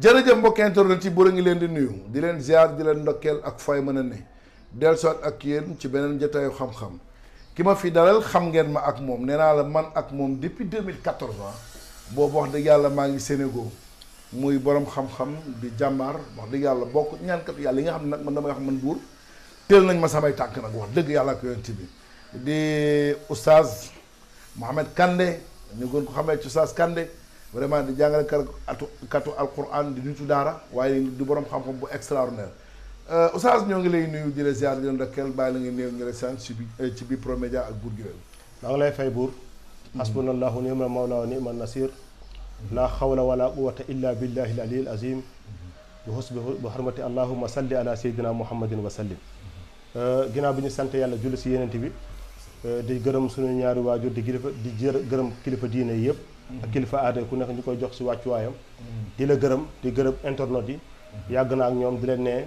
jërëjëf mbokk internet yi bëri ngi leen di nuyu di leen ziar di leen ndokkeel ak fay mën a ne dellusiwaat ak yéen ci beneen jotaayu xam-xam ki ma fi dalal xam ngeen ma ak moom nee naa la man ak moom depuis 2014 boobu wax dëgg yàlla maa ngi Sénégal muy borom xam-xam di jàmbaar wax dëgg yàlla bokk ñaankatu yàlla yi nga xam ne nag man damay wax man buur teel nañ ma samay tànk nag wax dëgg yàlla ak yonent bi di oustaz Mohamed Kandé ñu gën ko xamee ci oustaz Kandé vraiment di jàngale kar atu katu alquran di nitu daara waaye di boroom xam-xam bu extraordinaire euh, Oustaz ñoo ngi lay nuyu di la ziar di leen dokkeel bàyyi la nga néew ñu la sant ci bi euh, ci bi promédia ak buur Guewel. maa ngi lay fay buur. Hmm. hasbunallahu ni'mal mawla wa ni'man nasir. la xawla wala quwwata illa billahi al aliyyil azim. Hmm. bi xus bi xurmati allahumma salli ala sayyidina muhammadin wa sallim. Hmm. Euh, ginnaaw bi ñu sant yàlla julli si yenent bi. di gërëm suñu ñaari waajur di kilifa di jër gërëm kilifa diine yëpp. ak kilifa aada ku nekk ñu koy jox si wàccuwaayam. di la gërëm di gërëm internet yi. yàgg na ak ñoom di leen ne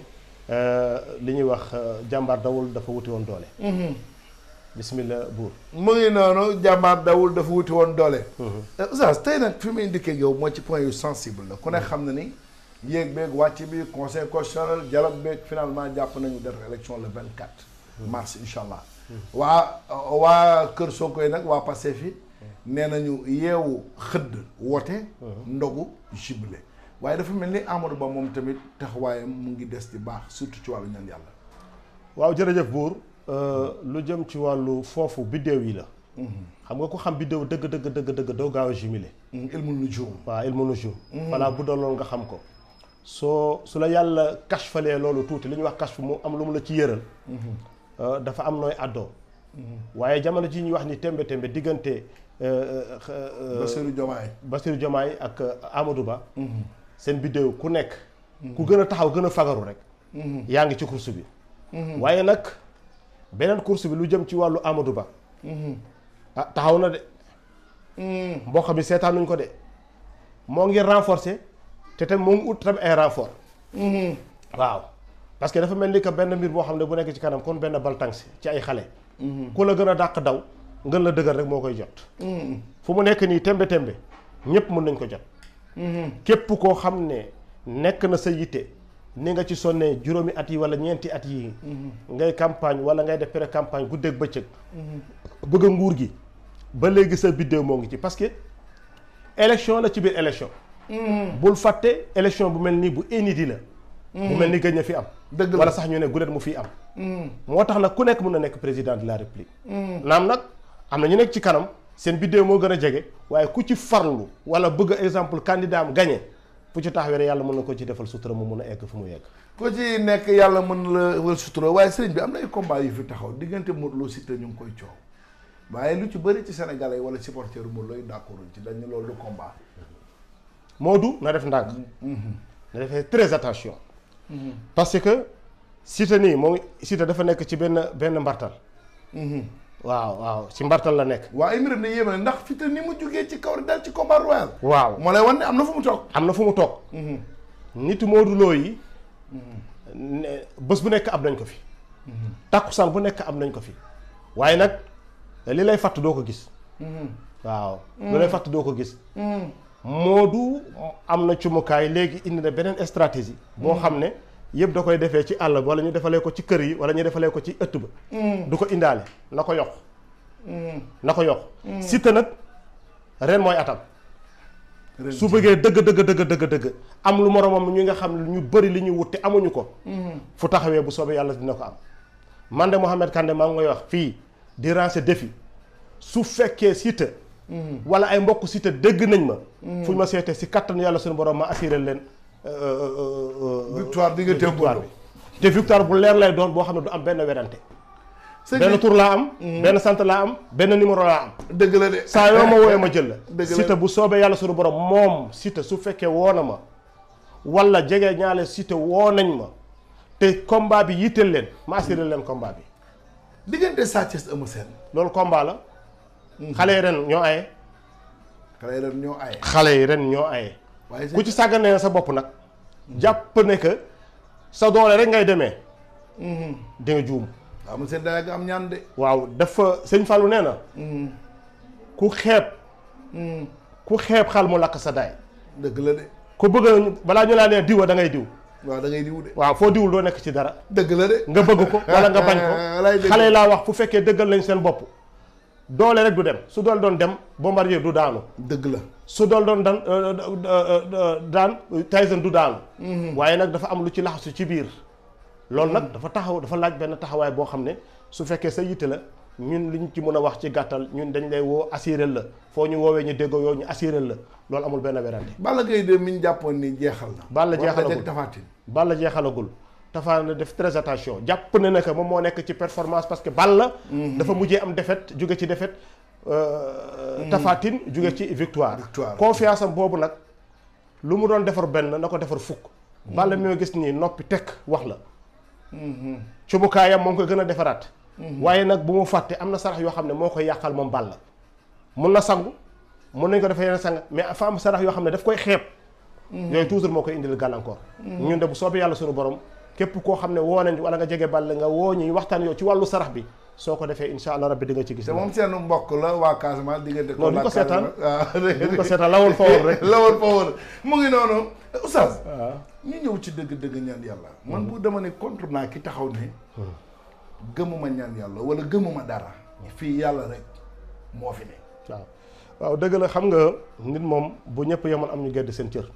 euh, li ñuy wax euh, jàmbaar dawul dafa wuti woon doole. Mhm. bismillah buur. mu ngi noonu jàmbaar dawul dafa wuti woon doole. Mhm. Euh, oustaz tey nag fi muy indiqué yow mooy ci point yu sensible la ku ne mhm. xam na ni. yéeg beeg wàcc bi conseil constitutionnel dialogue beeg finalement jàpp nañu def élection le vingt quatre. mars incha allah. waa waa Kër Sonko yi nag waa Pastef yi nee nañu yeewu xëdd woote. Mhm. ndogu jubilé waaye dafa mel ni Amadou Ba moom tamit taxawaayam mu ngi des di baax surtout ci wàllu ñaan yàlla. waaw jërëjëf buur euh, lu jëm ci wàllu foofu biddéew yi la. Mhm. xam nga ko xam biddéew dëgg dëgg dëgg dëgg doo gaaw a jubilé. Mm, ilmu nujum waaw ilmu nujum. Mm-hmm. bu doon nga xam ko. soo su la yàlla kashfalee loolu tuuti li ñuy wax kashf mu am lu mu la ci yëral. Mm-hmm. Euh, dafa am nooy àddoo. Mm-hmm. waaye jamono ji ñuy wax ni tembe tembe diggante. Euh, euh, euh, Bassirou Diomaye Bassirou Diomaye ak Amadou Ba mhm. seen biddéew ku nekk mhm. ku gën a taxaw gën a fagaru rek mhm. yaa ngi ci course bi waaye nag beneen course bi lu jëm ci wàllu amadu Ba ah taxaw na de mboq bi seetaanuñ ko de moo ngi renforcer te tam moo ngi ut tam ay renfort waaw parce que dafa mel ni que benn mbir boo xam ne bu nekk ci kanam kon benn baltansi ci ay xale ku la gën a dàq daw ngën la dëgër rek moo koy jot mm-hmm. fu mu nekk nii tembe tembe ñépp mën nañ ko jot mm-hmm. képp koo xam ne nekk na sa yitte ni nga ci sonnee juróomi at yi wala ñeenti at yi mm-hmm. ngay campagne wala ngay def pré campagne bu ba bëccëg bëgg nguur gi ba léegi sa biddéew moo ngi ci parce que élection la ci biir élection bul fàtte élection bu mel nii bu yi la bu mel ni gëj na fi am dëgg wala sax ñu ne gulet mu fi am moo tax nag ku nekk mën a nekk président de la république am na ñu nekk ci kanam seen biddéew moo gën a jege waaye ku ci farlu wala bëgg exemple candidat am gagné fu ci taxawee yàlla mën na ko ci defal sutura mu mun a egg fu mu yegg. ku ci nekk yàlla mën la wal sutura waaye sëriñ bi am na ay combat yu fi taxaw diggante Modou Lo Siteu ñu ngi koy coow waaye lu ci bëri ci sénégalais wala supporter Modou Lo yi d'accord ci dañu loolu du combat. Modou na def ndànk. Mm-hmm. na defee très attention. Mm-hmm. parce que Siteu nii moom Siteu dafa nekk ci benn benn mbartal. Mm-hmm. waaw waaw ci mbartal la nekk waaw ay mbiram ne yéeme ndax fi te ni mu jugee ci kaw dal ci combat royal waaw moo lay wan ne am na fu mu toog am na fu mu toog mhm. nitu Modou Lo yi mhm. bés bu nekk am nañ ko fi mhm. takkusaan bu nekk am nañ ko fi waaye nag li lay fàtt doo ko gis waaw li lay fàtt doo ko gis Modou am na cumukaay léegi indi na beneen stratégie boo xam ne yëpp da koy defee ci àll bi wala ñu defalee ko ci kër yi wala ñu defalee ko ci ëtt ba mm. du ko indaale na ko yokk mm. na ko yokk mm. Siteu nag ren mooy atam su bëggee dëgg dëgg dëgg dëgg dëgg am lu moromam ñu nga xam ñu bari li ñuy wut te amuñu ko fu taxawee bu soobee yàlla dina ko am man de Mouhamed Kande maa ngi koy wax fii di lancer défi su fekkee Siteu wala ay mbokk Siteu dëgg nañ ma fu ñu ma seetee si kattan yàlla suñu borom ma assuré leen victoire bi nga victoire bi te victoire bu leer lay doon boo xam ne du am benn werante benn tour laa mhm. sant laa benn numéro dëgg la de saa bu soobee yàlla suñu borom moom Siteu su fekkee woo na ma wala jege ñaale Siteu woo nañ ma te combat bi yitteel leen ma assuré mhm. leen kombaa bi diggante Sa Thiès Eumeu Sène loolu combat la ren mhm. ñoo xale yi ren ñoo aye xale yi ren ñoo aye ku ci sàgganee sa bopp nag jàpp ne que sa doole rek ngay demee mm-hmm. di nga juum waaw monsieur Dalag am ñaan de. waaw dafa sëñ falu nee na. Mm-hmm. ku xeeb. Mm-hmm. ku xeeb xal mu lakk sa daay. dëgg la de. ku bëgg a balaa ñu laa nee diwa da ngay diw. waaw da ngay diw waaw foo diwul doo nekk ci dara. dëgg la de. nga bëgg ko wala nga bañ ko. xale laa wax bu fekkee dëggal nañ seen bopp. doole rek du dem su doole doon dem bombardier du daanu. dëgg la. su doon doon daan euh, euh, euh, daan Tyson du daanu. Mhm. waaye nag dafa am lu ci laxasu ci biir. loolu nag dafa taxaw dafa laaj benn taxawaay boo xam ne su fekkee sa yitte la ñun ñu ci mën a wax ci gàttal ñun dañ lay woo assuré la foo ñu woowee ñu déggoo yow ñu assuré la loolu amul benn werante. Balla Gaye de mi ñu jàppoon ni jeexal na. Balla jeexalagul Balla jeexalagul. Tapha Tine def très attention jàpp na ne que moom moo nekk ci performance parce que Balla. Mhm. dafa mujjee am défaite jóge ci défaite. Euh, mm. Tafatine jóge ci mm. victoire. victoire boobu nag lu mu doon defar benn na ko defar fukk. Mm. Balla mi nga gis nii noppi tek wax la. Mm-hmm. cumukaayam moom ko gën a defaraat. Mm-hmm. waaye nag bu mu fàttee am na sarax yoo xam ne moo koy yàqal moom Balla. mun na sangu mun nañ ko defee yeneen sang mais fa am sarax yoo xam ne daf koy xeeb. Mm-hmm. yooyu toujours moo koy indil gàllankoor. ñun de bu soobee yàlla sunu borom. képp koo xam ne woo nañ wala nga jege Balla nga woo ñuy waxtaan yow ci wàllu sarax bi soo ko defee incha allah rabbi di nga ci gis. te moom seen mbokk la waa Casamance diggante. ko la Casamance non du ñu ko seetaan lawoon fa woon rek. lawoon fa woon mu ngi noonu. oustaz ah. ñu ñëw ci dëgg-dëgg ñaan yàlla. Hmm. man bu dama ne contre naa ki taxaw ne. Hmm. gëmuma ñaan yàlla wala gëmuma dara. Hmm. fii yàlla rek moo fi ne. waaw waaw dëgg la xam nga nit moom bu ñëpp yemoon am ñu gedd seen cër.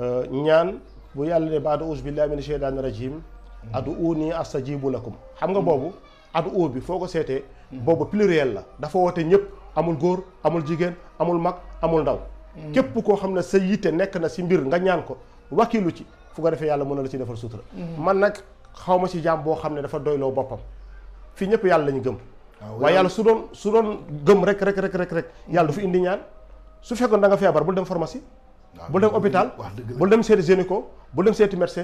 Euh, ñaan. bu yàlla ne baadu us billahi min sheytaani rajim adu u nii la lakum xam nga boobu adu u bi foo ko seetee boobu pluriel la dafa woote ñëpp amul góor amul jigéen amul mag amul ndaw képp koo xam ne sa yitte nekk na si mbir nga ñaan ko wakilu ci fu ko defee yàlla mën na la ci defal sutura mm-hmm. man nag xaw ma si jaam boo xam ne dafa doyloo boppam fii ñëpp yàlla lañu gëm ah, waaye yàlla su doon su doon gëm rek rek rek rek rek yàlla du fi indi ñaan su fekkoon da nga feebar bul dem pharmacie bul dem hôpital bul dem seeti gynéco bu dem seeti merce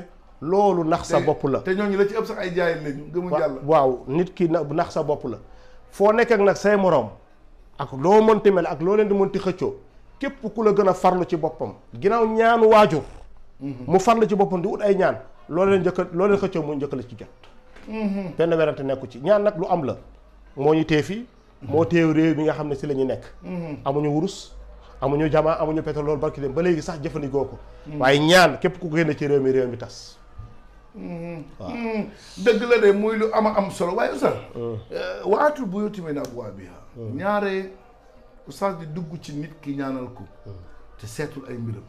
loolu nax sa bopp la te ñooñu la ci ëpp sax ay jaay lañu gëmuñ yàlla waaw nit ki nax sa bopp la foo nekk ak nag say moroom ak loo mënti mel ak loo leen di mënti xëccoo képp ku la gën a farlu ci boppam ginnaaw ñaanu waajur mhm. mu farlu ci boppam di wut ay ñaan loo leen njëkk loo leen xëccoo mu njëkk la ci jot mhm. benn werante nekku ci ñaan nag lu am la moo ñu téye fii moo mhm. téye réew bi nga xam ne si la ñu nekk amuñu wurus amuñu jamaa amuñu pétrole loolu barki dem ba léegi sax jëfandikoo ko. Mm. waaye ñaan képp ku génn ci réew mi réew mi tas. Mm-hmm. waaw mm-hmm. dëgg la de muy lu ama am solo waaye oustaz. Mm. Eh, waatul bu yotti mel ne ab waa bi mm. ñaare oustaz di dugg ci nit ki ñaanal ko. te seetul ay mbiram.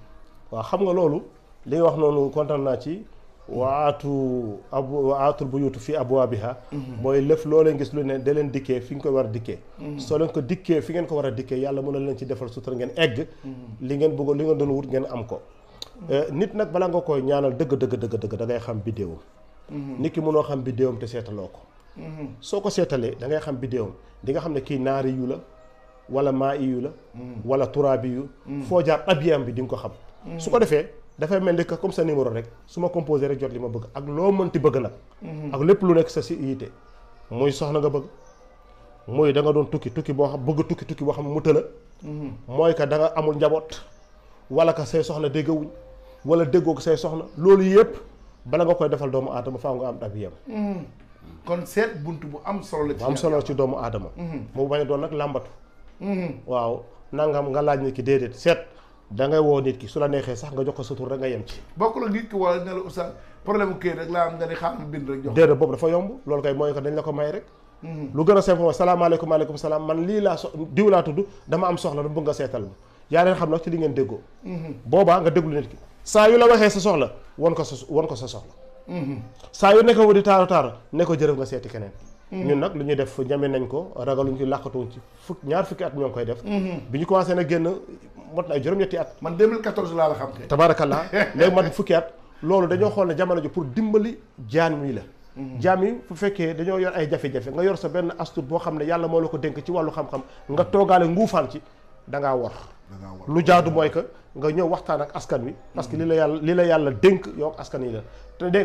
waaw xam nga loolu li nga wax noonu kontaan naa ci. waatu abu waatul buyutu fi abwaabiha mooy lëf loo leen gis lu ne da leen dikkee fi nga koy war a dikkee soo leen ko dikkee fi ngeen ko war a dikkee yàlla mën na leen ci defal sutura ngeen egg li ngeen bëggoon li ngeen doon wut ngeen am ko eh, nit nag balaa nga koy ñaanal dëgg dëgg dëgg dëgg da ngay xam biddéewam mhm. nit ki mënoo xam biddéewam te seetaloo ko mhm. soo ko seetalee da ngay xam biddéewam di nga xam ne kii naari yu la wala maa iyu la mhm. wala turaabi yu foo jaar bi di nga ko xam su ko defee dafay mel ni que comme sa numéro rek su ma composé rek jot li ma bëgg ak loo mënti bëgg nag. Mhm. ak lépp lu nekk sa si yitte. muy soxna nga bëgg. muy da nga doon tukki tukki boo xam bëgg tukki tukki boo xam mu tëla. Mhm. mooy que danga amul njaboot. wala ka say soxna déggawuñ wala déggoo ko say soxna loolu yëpp bala nga koy defal doomu aadama faaw nga am ab yem. Mhm. kon seet bunt bu am solo la. ci am solo ci doomu aadama. mu bañ doon nag làmbatu. waaw nangam nga laaj ni ki seet. da ngay woo nit ki su la neexee sax nga jox ko sa tur rek nga yem ci. bokk ak nit ki wala ne la oustaz problème mu rek laa am nga ne xaaral bind rek. jox déedéet boobu dafa yomb loolu kay mooy ko dañ la ko may rek. Hmm. lu gën a simple mooy salaam man lii laa so diw laa tudd dama am soxla dama bëgg nga seetal ma yaa leen xam nag ci li ngeen déggoo. Hmm. boobaa nga déglu nit ki saa yu la waxee sa soxla won ko sa won ko sa soxla. Hmm. saa yu nekk wu di taaru taaru ne ko jërëf nga seeti keneen. Mm-hmm. ñun nag lu ñuy def ñame nañ ko ragaluñ ci làqatuñ ci fukk ñaar fukki at ñoo koy def mm-hmm. bi ñu commencé nag génn mot na ay juróom-ñetti at man 2014 laa man fukki at loolu dañoo xool ne jamono ji pour dimbali jaan mi la jaam yi bu mm-hmm. fekkee dañoo yor ay jafe-jafe nga yor sa benn astur boo xam ne yàlla moo la ko dénk ci wàllu xam-xam nga toogaale nguufaan ci da ngaa war lu jaadu mooy que nga ñëw waxtaan ak askan wi parce que li la yàlla li la yàlla dénk yow ak askan yi la te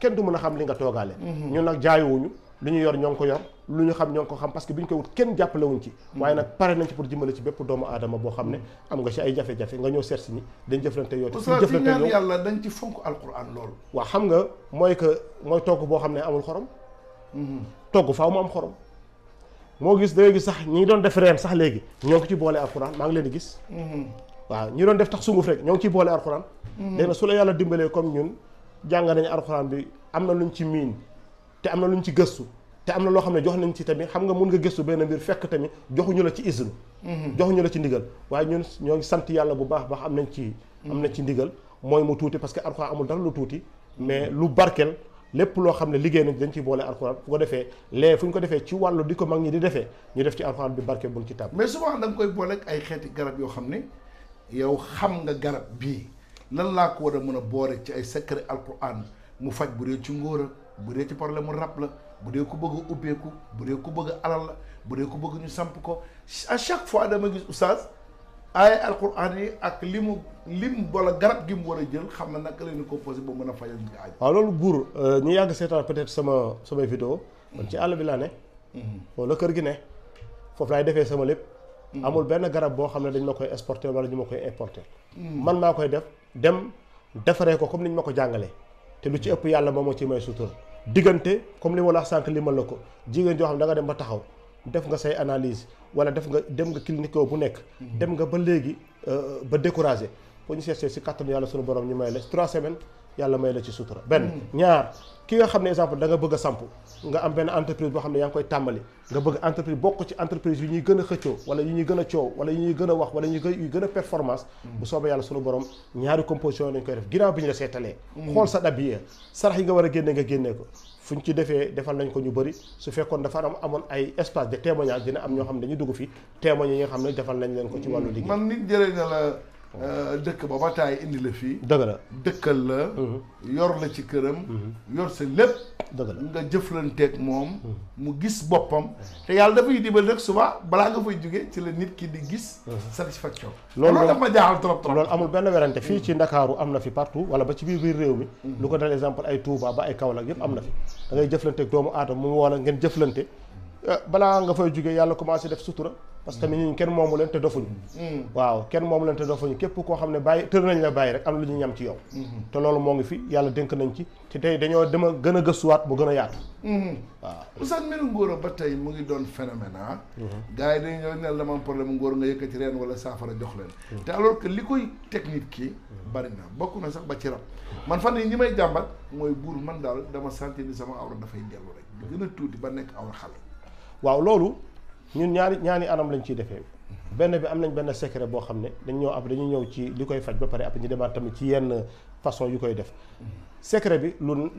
kenn du mën a xam li nga toogaale ñun nag jaayowuñu lu ñu yor ñoo ngi ko yor lu ñu xam ñoo ngi ko xam parce que bi ñu koy wut kenn jàppalewuñ ci waaye nag pare nañ ci pour dimbali ci bépp doomu aadama boo xam ne am nga ci ay jafe-jafe nga ñëw seet si ni dañ jëflante yow te jëflante yow yàlla dañ ci fonk alquran loolu waaw xam nga mooy que mooy togg boo xam ne amul xorom mhm. togg faaw mu am xorom moo gis da ngay gis sax ñi doon def reen sax léegi ñoo ngi ci boolee alquran maa ngi leen di gis mhm. waaw ñi doon def tax sunguf rek ñoo ngi ciy boole alquran mhm. léegi nag su la yàlla dimbalee comme ñun jàng nañu alxuraan bi am na lu ñu ci miin te am na lu luñ ci gëstu te am na loo xam ne jox nañ ci tamit xam nga mun nga gëstu benn mbir fekk tamit joxuñu la ci izinu mhm. joxuñu la ci ndigal waaye ñun ñoo sant yàlla bu baax baax am nañ ci am nañ ci ndigal mooy mu tuuti parce que alxuraan amul dara lu tuuti mais lu barkeel lépp loo xam ne liggéey nañ dañ ci boole alxuraan fu ko defee lee fu ñu ko defee ci wàllu di ko mag ñi di defee ñu def ci alxuraan bi barkeel buñ ci tàmm mais souvent koy boole ak ay xeeti garab yoo xam ne yow xam nga garab bii lan laa ko war a mën a boore ci ay secret alquran mu faj bu dee ci ngóora bu dee ci problème mu rab la bu dee ku bëgg ubbeeku bu dee ku bëgg alal la bu dee ku bëgg ñu samp ko à chaque fois dama gis oustaz ay alquran yi ak li mu lim wala garab gi mu war a jël xam na naka la ñu composé ba mën a fajal nit aaj waaw loolu buur euh, ñu yàgg seetaan peut-être sama samay vidéo man ci àll bi laa ne mhm. foofu la kër gi ne foofu laay defee sama lépp Mm-hmm. amul benn garab boo xam ne dañ ma koy exporter wala ñu ma koy importer. Mm-hmm. man maa koy def dem defaree ko comme ni ñu ma ko jàngalee. te lu ci ëpp yàlla moom moo ci may sutura. diggante comme li ma la wax sànq li ma la ko jigéen joo xam da danga dem ba taxaw def nga say analise wala def nga dem nga clinique bu nekk. Mm-hmm. dem nga ba léegi euh, ba découragé pour ñu seet si kàttanu yàlla sunu borom ñu may la trois semaines. yàlla may la ci sutura benn ñaar ki nga xam ne exemple da bëgg a samp nga am benn entreprise boo xam ne yaa ngi koy tàmbali nga bëgg entreprise bokk ci entreprise yu ñuy gën a xëccoo wala yu ñuy gën a coow wala yu ñuy gën a a performance bu soobee yàlla sunu borom ñaari composition lañ koy def ginnaaw bi ñu la seetalee xool sa yi sarax yi nga war a nga génnee ko fu ñu ci defee defal nañ ko ñu bëri su fekkoon dafa am amoon ay espace de témoignage dina am ñoo xam ne dañu dugg fi témoigner yi nga xam ne defal nañ leen ko ci wàllu liggéey Euh, dëkk ba ba taay indi la fii. dëgg la dëkkal la. Mhm. yor la ci këram. Mhm. yor sa lépp. dëgg la nga jëflanteek moom. Mhm. mu gis boppam. te yàlla dafay dibal rek suba balaa nga fay jóge ci la nit ki di gis. satisfaction. loolu daf ma jaaxal trop trop. loolu amul benn werante fii ci ndakaaru am na fi partout wala ba ci biir biir réew mi. lu ko dal exemple ay Touba ba ay kaw Kaolack yëpp am na fi. da ngay jëflanteeg doomu aadama mu woon a ngeen jëflante eh, balaa nga fay jóge yàlla commencé def sutura. parce que ñun kenn moomu leen te dofuñu mm. waaw kenn moomu leen te dofuñu képp koo xam ne bàyyi tër nañ la bàyyi rek am na lu ñu ñam ci yow mm-hmm. te loolu moo ngi fi yàlla dénk nañ ci te tey dañoo dem a gën a gëstuwaat bu gën a yaatu mm-hmm. waaw oustaz ba tey mu ngi doon phénomène ah mm-hmm. gars yi ne dama am problème ngóor nga yëkkati reen wala saafara jox leen te alors li koy technique ki bari bokk na sax ba ci rab man fan yi ñi may jàmbat mooy buur man daal dama sentir ni sama awra dafay dellu rek gën a tuuti ba nekk awra xale waaw loolu ñun ñaari ñaari anam lañ ciy defee benn bi am nañ benn secret boo xam ne dañ ñëw ab dañu ñëw ci li koy faj ba pare après ñu demaat tamit ci yenn façon yu koy def secret bi lu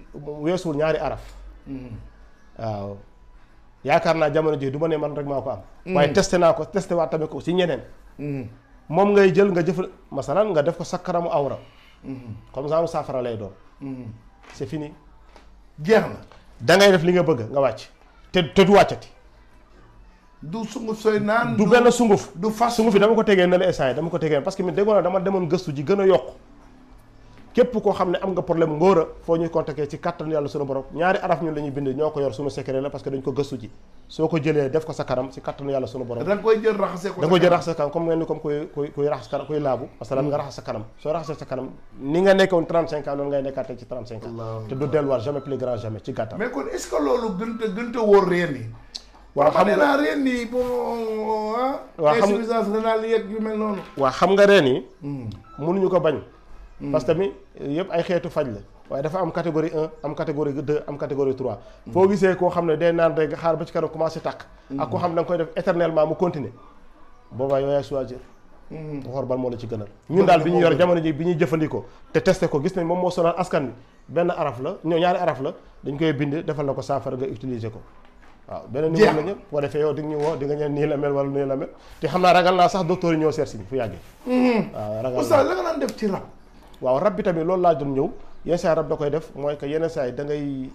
weesuwul ñaari araf waaw yaakaar naa jamono ji du ma ne man rek maa ko am mm. waaye testé naa ko testé waat tamit ko si ñeneen mm. moom ngay jël nga jëf masalan nga def ko sa awra mm. comme ça saafara lay doon c'est fini jeex na da def li nga bëgg nga wàcc te te du wàccati du sunguf sooy naan du benn ko tegee ne ko tegee parce que a yokk képp koo xam ne am nga problème ngóor a foo ci kattan yàlla sunu borom ñaari araf ñun ko yor sunu secret la parce que dañ ko gëstu ji soo ko jëlee def ko sa kanam ci kattan yàlla sunu borom hmm. delluwaat jamais plus grand jamais ci gàttal mais kon loolu gën te gën te wóor waaw ah. xam nga reen yi bu waaw xam insuffisance rénale yeeg yu mel noonu waaw xam nga reen yi mënuñu ko bañ hmm. parce que tamit eh, yëpp ay xeetu faj la waaye dafa am catégorie un am catégorie deux am catégorie trois hmm. foo gisee koo xam ne day naan rek xaar ba ci kanam commencé tàkk ak ko hmm. xam ne da nga koy def éternellement mu continuer boobaa yooyaay choisir nga ba ban moo la ci gënal ñun daal bi ñu yor jamono ji bi ñuy jëfandikoo te testé ko gis nañ moom moo sonal askan bi benn araf la ñoo ñaari araf la dañ koy bind defal na ko saafara nga utiliser ko waaw beneen numéro la ñëpp defee yow di nga ñu woo di nga ñeen nii la mel wala nii la mel te xam naa ragal naa sax docteur yi ñoo seet si fu yàggee waaw mhm. ah, ragal oustaz la def ci rab waaw rab bi tamit loolu laa doon ñëw yenn saa rab da koy def mooy que yenn saa yi da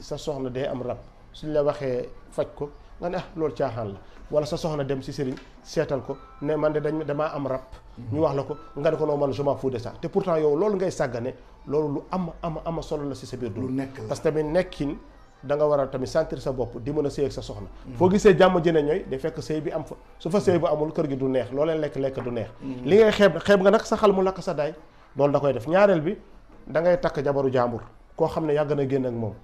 sa soxna day am rab suñ la waxee faj ko nga ne ah loolu caaxaan la wala sa soxna dem si sëriñ seetal ko ne man de dañ damaa am rab mhm. ñu wax la ko nga ne ko noo man je m'en fous de ça te pourtant yow loolu ngay sàggane loolu lu am am am solo la si sa biir dund parce que tamit nekkin da nga war a tamit sentir sa bopp di mën a sëy ak sa soxna foo gisee jàmm ji ne ñooy di fekk sëy bi am fa su fa sëy bu amul kër gi du neex loo leen lekk-lekk du neex mm-hmm. li ngay xeeb xeeb nga nag sa xal mu lakk sa daay loolu da koy ñaareel bi da takk jabaru jàmbur koo xam ne yàgg na génn ak moom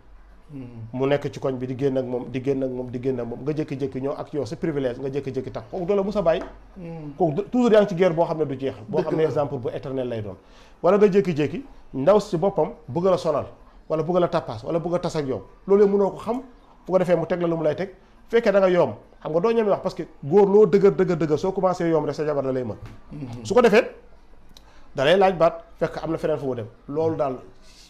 mm-hmm. mu nekk ci koñ bi di génn ak moom di génn ak moom moom nga jékki-jékki ñëw ak yow sa privilège nga jékki-jékki takk kooku doo la musa bàyyi mm-hmm. kooku toujours yaa ngi ci guerre boo xam ne du jeex boo xam ne exemple bu éternel lay doon wala nga jékki-jékki ndaw si boppam bëgg la sonal wala bëgg la tappaas wala bëgg tas ak yow loolu mënoo ko xam bu ko defee mu teg la lu mu lay teg fekkee da yoom xam nga doo ñemee wax parce que góor loo dëgër dëgër dëgër soo commencé yoom rek sa jabar la mhm. su ko defee da lay laaj baat fekk am na feneen fu dem loolu daal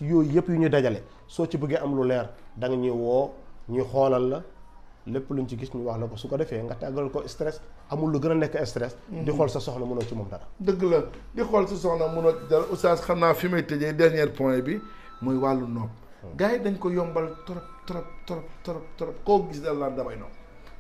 yooyu yëpp yu ñu dajale soo ci bëggee am lu leer da nga ñuy woo ñu la lépp luñ ci gis ñu wax la ko su ko defee nga tàggal ko stress amul lu gën a nekk stress. di mhm. xool sa soxna mënoo ci moom dara. dëgg la di xool sa soxna mënoo ci dara oustaz xam naa fi may tëjee dernier point bi. mooy wàllu nopp hmm. gars yi dañ ko yombal trop trop trop trop trop koo gis dal laa damay nopp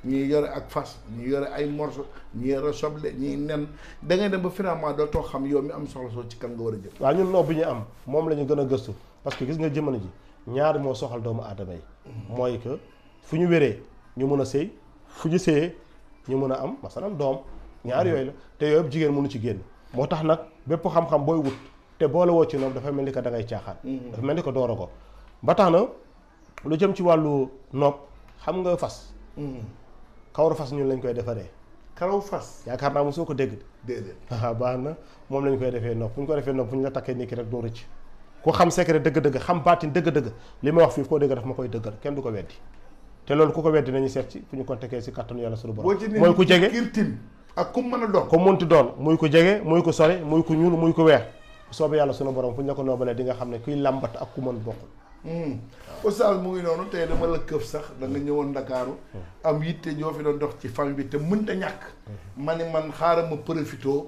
ñuy yore ak fas ñuy yore ay morso ñuy yore soble ñuy nen da ngay dem ba finalement doo toog xam yow mi am soxla soo ci kan nga war a jëm waaw ñun nopp bi ñu am moom la ñu gën a gëstu parce que gis nga jamono ji ñaar moo soxal doomu aadama yi hmm. mooy que fu ñu wéree ñu mën a sëy fu ñu sëyee ñu mën a am masalan doom ñaar hmm. yooyu la te yooyu yëpp jigéen mënu ci génn moo tax nag bépp xam-xam te boole woo ci noob dafa mel ni que da ngay caaxaan. dafa mel ni ko dooro ko ba tax na lu jëm ci wàllu noob xam nga fas. kawaru fas ñun lañ koy defaree. karaw fas yaakaar naa soo ko dégg. déedéet ah baax na moom lañ koy defee nopp fu ñu ko defee nopp fu ñu la takkee nit ki rek doo rëcc. ku xam secret dëgg-dëgg xam baatin dëgg-dëgg li ma wax fii foo dégg daf ma koy dëggal kenn du ko weddi te loolu ku ko weddi nañu seet ci fu ñu ko kontakee si kattanu yàlla suñu borom mooy ku jege ak ku mën a doon ko munti doon muy ko jege muy ko sore muy ko ñuul muy ko weex soobee yàlla sunu borom fu ñu la ko noobalee di nga xam ne kuy làmbat ak ku mën bokkul hmm. oustaz mu ngi noonu tey dama la këf sax da nga ñëwoon ndakaaru am yitte ñoo fi doon dox ci famille bi te mënta ñàkk hmm. ma ni man xaaral ma profitoo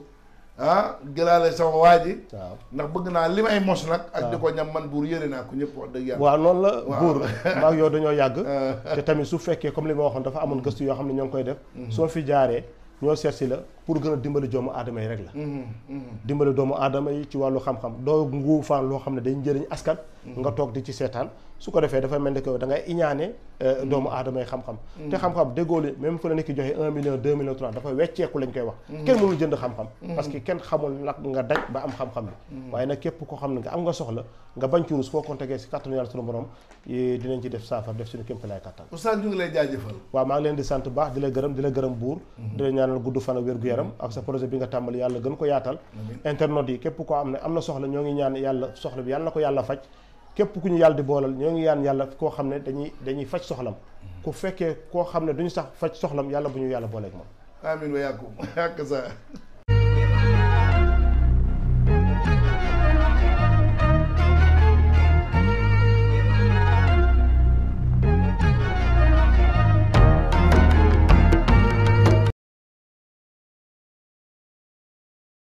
ah gëlaale sama waa ji waaw ndax bëgg naa li may mos nag ak di ko ñam man buur yëre naa ko ñëpp wax dëgg yàlla waaw noonu la buur maa ngi yow dañoo yàgg te tamit su fekkee comme li ma waxoon dafa amoon gëstu yoo xam ne ñoo ngi koy def hmm. soo ñoo seet si la pour gën a dimbali doomu aadama yi rek la dimbali doomu aadama yi ci wàllu xam-xam doo nguufaan loo xam ne dañ njëriñ askat nga toog di ci seetaan su ko defee dafa mel ni que da ngay iñaane euh, mm. doomu aadama yi xam-xam mm. te xam-xam déggoole même fu la nit joxe un million deux million trois dafa wecceeku lañ koy wax mm. kenn mënul jënd xam-xam parce kenn xamul nag nga daj ba am xam-xam bi waaye nag képp ko xam ne nga am nga nga bañ ci rus foo ko tegee si kàttanu yàlla sunu borom saafara def suñu kémp lay kàttan oustaz ñu ngi lay jaajëfal waaw sant baax di la gërëm di la gërëm mm-hmm. ak sa projet bi nga tàmbali yàlla gën ko yaatal internet yi képp koo am ne am na soxla ñoo ngi ñaan yàlla soxla bi yàlla na ko yàlla faj képp ku ñu yàlla di boolal ñoo ngi yaan yàlla koo xam ne dañuy dañuy faj soxlam ku fekkee koo xam ne duñu sax faj soxlam yàlla bu ñu yàlla booleeg moom amin wa yàqu yàq sa